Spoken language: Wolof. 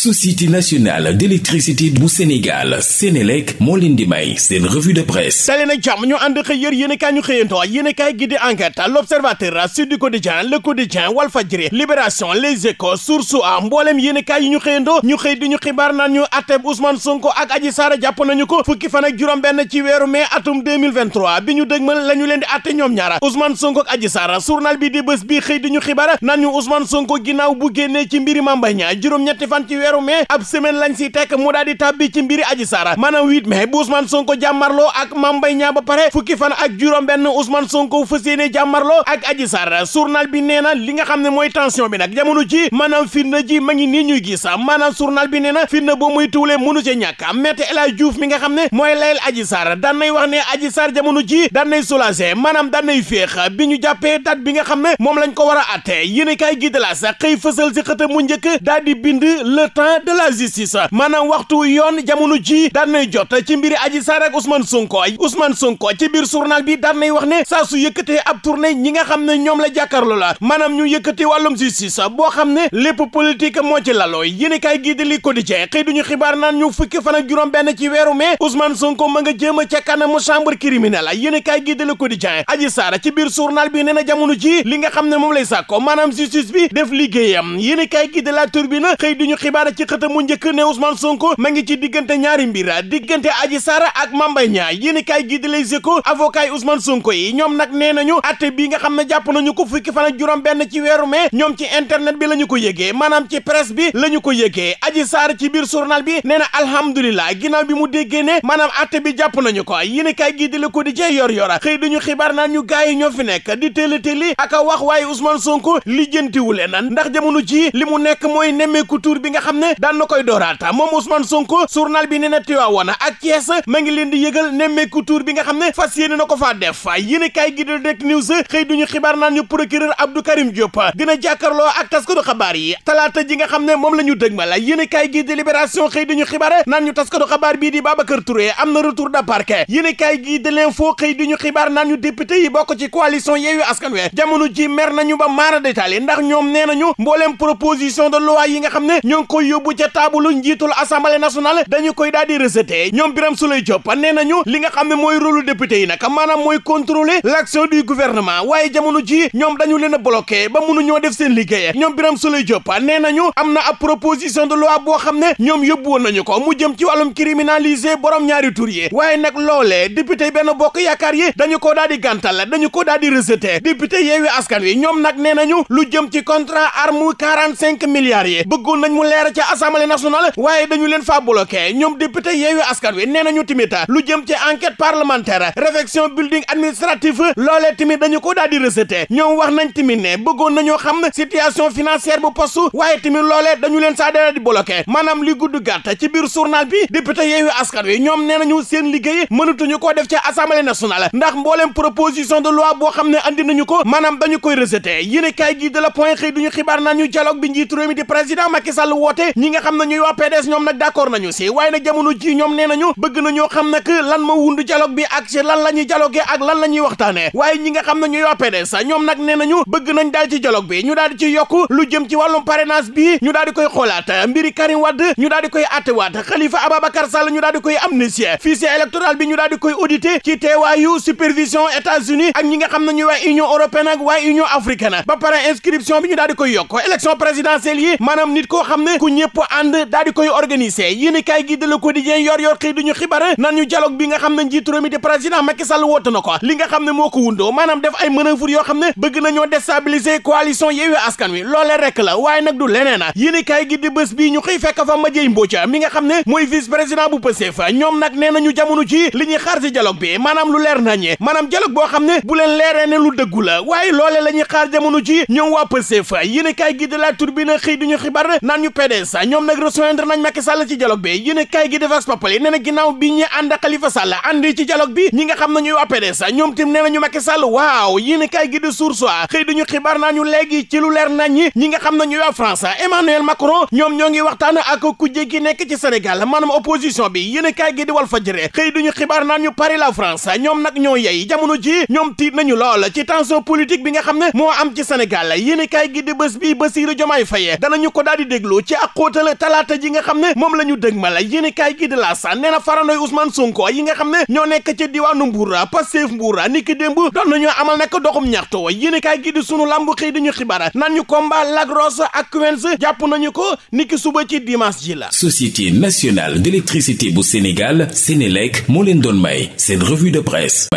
société nationale d'électricité bu Sénégal Sénélec moo leen di may seen revue de presse tali nag ñu ànd xëy yër yéen kaay ñu xëyantoo yéen i kaay gi di enquête l'observateur Sud Quotidien Le Quotidien Walfadjri Les Échos Source A mbooleem yéen kaay ñu xëyantoo ñu xëy di ñu xibaar naan ñu atteb Ousmane Sonko ak Adji Sarr jàpp nañu ko fukki fan ak juróom benn ci weeru mai atum 2023 bi ñu dëgmal la ñu leen di atte ñoom ñaara Ousmane Sonko ak Adji bu génnee ci mbiri Mame Mbaye Niang weeru mai ab semaine lañ si tekk mu daal di tàbbi ci mbiri aji saara maanaam 8 mai bu Ousmane Sonko jàmmarloo ak Mame Mbaye Niang ba pare fukki fan ak juróom benn Ousmane Sonko fas yéene ak aji saara journal bi nee na li nga xam ne mooy tension bi nag jamono ji maanaam fitna ji ma ngi nii ñuy gis bi nee na fitna boo muy tuulee mënu ci ñàkk Maître El Hadji mi nga xam ne mooy layel aji saara daan nay wax ne aji saar jamono ji daan nay soulagé maanaam daan nay bi ñu jàppee date bi nga xam ne moom lañ ko war a atte yéen a kaay la sax xëy fësal si xëta mu njëkk daal temps de la justice maanaam waxtu yoon jamono ji daan nay jot ci mbiri Adji Sarr ak Ousmane Sonko Ousmane Sonko ci biir journal bi daan nay wax ne saa su yëkkatee ab tournée ñi nga xam ne ñoom la jàkkaarloo la maanaam ñu yëkkati wàllum justice boo xam ne lépp politique moo ci laloo yéen i kaay gii di li quotidien xëy duñu xibaar naan ñu fukki fan ak juróom benn ci weeru mai Ousmane Sonko ma nga jéem a ca kanamu chambre criminelle yéen i kaay gii di li quotidien Adji Sarr ci biir journal bi nee na jamono ji li nga xam ne moom lay maanaam justice bi def liggéeyam yéen i kaay gii di la turbine xëy duñu xibaar ci xët mu njëkk ne Ousmane Sonko ma ngi ci diggante ñaari mbir diggante Adji Sarr ak Mame Mbaye Niang yéen i kaay gi di Les Échos avocat yi Ousmane Sonko yi ñoom nag nee nañu atte bii nga xam ne jàpp nañu ko fukki fan ak juróom benn ci weeru mai ñoom ci internet bi la ñu ko yëgee maanaam ci presse bi la ñu ko yëgee Adji Sarr ci biir journal bi nee na alhamdulilah ginnaaw bi mu déggee ne maanaam atte bi jàpp nañu ko yéen i kaay gi di Le Quotidien yor yor xëy dañu xibaar naan ñu gaay yi ñoo fi nekk di téeli téeli ak a wax waaye Ousmane Sonko lijjantiwu leen ndax jamono ji li mu nekk mooy nemmeeku tur bi nga xam xam ne na koy dooraat moom Ousmane Sonko journal bi nee na Tivaouane ak Thiès ma di yëgal nemmeeku tour bi nga xam ne fas yéene na ko faa def yéenekaay gi di Direct News xëy duñu xibaar naan ñu procureur Abdou Karim Diop dina jàkkaarloo ak taskatu xabaar yi talaata ji nga xam ne moom la ñu dëgmal yéenekaay gi di Libération xëy duñu xibaar naan ñu taskatu xabaar na retour de parquet yéenekaay gi di L'Info xibaar naan ñu député yi bokk ci coalition Yewwi Askan Wi jamono ji mer nañu ba maara détaillé ndax ñoom nee nañu mbooleem proposition de loi xam ne yóbbu ca taabu taabulu njiitul assemblée nationale dañu koy daal di rejeté ñoom Birame Souleye Diop nee nañu li nga xam ne mooy rôle député yi nag maanaam mooy contrôler l'action du gouvernement waaye jamono ji ñoom dañu leen ba mu ba mënuñoo def seen liggéey ñoom Birame Souleye Diop nee nañu am na ab proposition de loi boo xam ne ñoom yóbbu woon nañu ko mu jëm ci wàllum criminaliser borom ñaari tur yi waaye nag loole député benn bokk yaakaar yi dañu ko daal di gàntal dañu ko daal di rejeté député yeewi askan wi ñoom nag nee nañu lu jëm ci contrat arme 45 milliards yi bëggoon nañ mu leer ci ca assemblée nationale waaye dañu leen faa bloqué ñoom député yeewu askan wi nee nañu tamit lu jëm ci enquête parlementaire réfection building administratif loolee tamit dañu ko daal di rejeté ñoom wax nañ tamit ne bëggoon nañoo xam situation financière bu poste waaye tamit loolee dañu leen saa dara di bloqué maanaam li gudd gàtt ci biir journal bi député yeewu askan wi ñoom nee nañu seen liggéey mënatuñu koo def ci assemblée nationale ndax mboolem proposition de loi xam ne andi nañu ko maanaam dañu koy rejeté yéen a kaay ñu dialogue bi njiitu réew mi di ne nga xam ne ñuy waa PDS ñoom nag d'accord nañu si waaye nag jamono ji ñoom nee nañu bëgg nañoo xam nag lan ma lan la ñuy dialoguer ak lan la ñuy waxtaane waaye ñi nga xam ne ñuy waa PDS ñoom nag nee nañu bëgg nañ daal ci dialogue bi ñu daal di ci yokk lu jëm ci wàllum parrainage bi ñu daal di koy xoolaat mbiri Karim Wade ñu daal di koy attewaat Khalifa Ababacar Sall ñu daal di koy amnistie bi ñu daal di koy auditer ci teewaayu supervision États-Unis ak ñi nga xam ne ñuy waa Union européenne ak waa Union africaine ba pare inscription bi ñu daal di koy yokk élection présidentielle yi maanaam nit koo xam ne ñëpp ànd daal di koy organiser yéenekaay gi de yor yor xëy duñu xibaar nan ñu dialogue bi nga xam ne njiitu mi di président Macky Sall woote na ko li nga xam ne moo ko wundoo maanaam def ay manœuvre yoo xam ne bëgg nañoo déstabiliser coalition Yewwi Askan Wi loolee rek la waaye nag du leneen yéenekaay gi di bés bii ñu xëy fekk fa Madieye Mbodj mi nga xam ne mooy vice président bu Pastef ñoom nag nee nañu jamono ci li ñuy xaar ci dialogue bi boo xam ne bu leen leeree ne lu dëggu la waaye loolee la ñuy xaar jamono ci ñoom waa PDS ñoom nag rejoindre nañ Macky Sall ci dialogue bi yéen kay gi di Vox Populi nee na ginnaaw bi ñu ànd ak Khalifa Sall ànd ci dialogue bi ñi nga gi di Source A xëy duñu xibaar naa ñu ci lu leer nañ ñi ñi nga xam ne ñuy waa France Emmanuel Macron ñoom ñoo ngi waxtaan ak kujje ci Sénégal maanaam opposition bi yéen gi di Walf Fadjri xëy duñu xibaar naa ñu la France ñoom nag ñoo yey ji ñoom tiit nañu lool ci tension politique bi nga xam ne moo am ci Sénégal yéen kay gi di bés yàqóota la talaata ji nga xam ne moom la ñu dëg ma la yéen i kaay gi de la sa nee na farandoy Ousmane Sonko yi nga xam ne ñoo nekk ca diwaanu Mbuura Pastef Mbuura ni ki démb doon nañoo amal nag doxum ñaxtu yéen i kaay gi di sunu làmb xëy di ñu xibaar nan ñu combat lagros ak Queens jàpp nañu ko ni ki suba ci dimanche ji la Société nationale d'électricité bu Sénégal Sénélec moo leen doon may seen revue de presse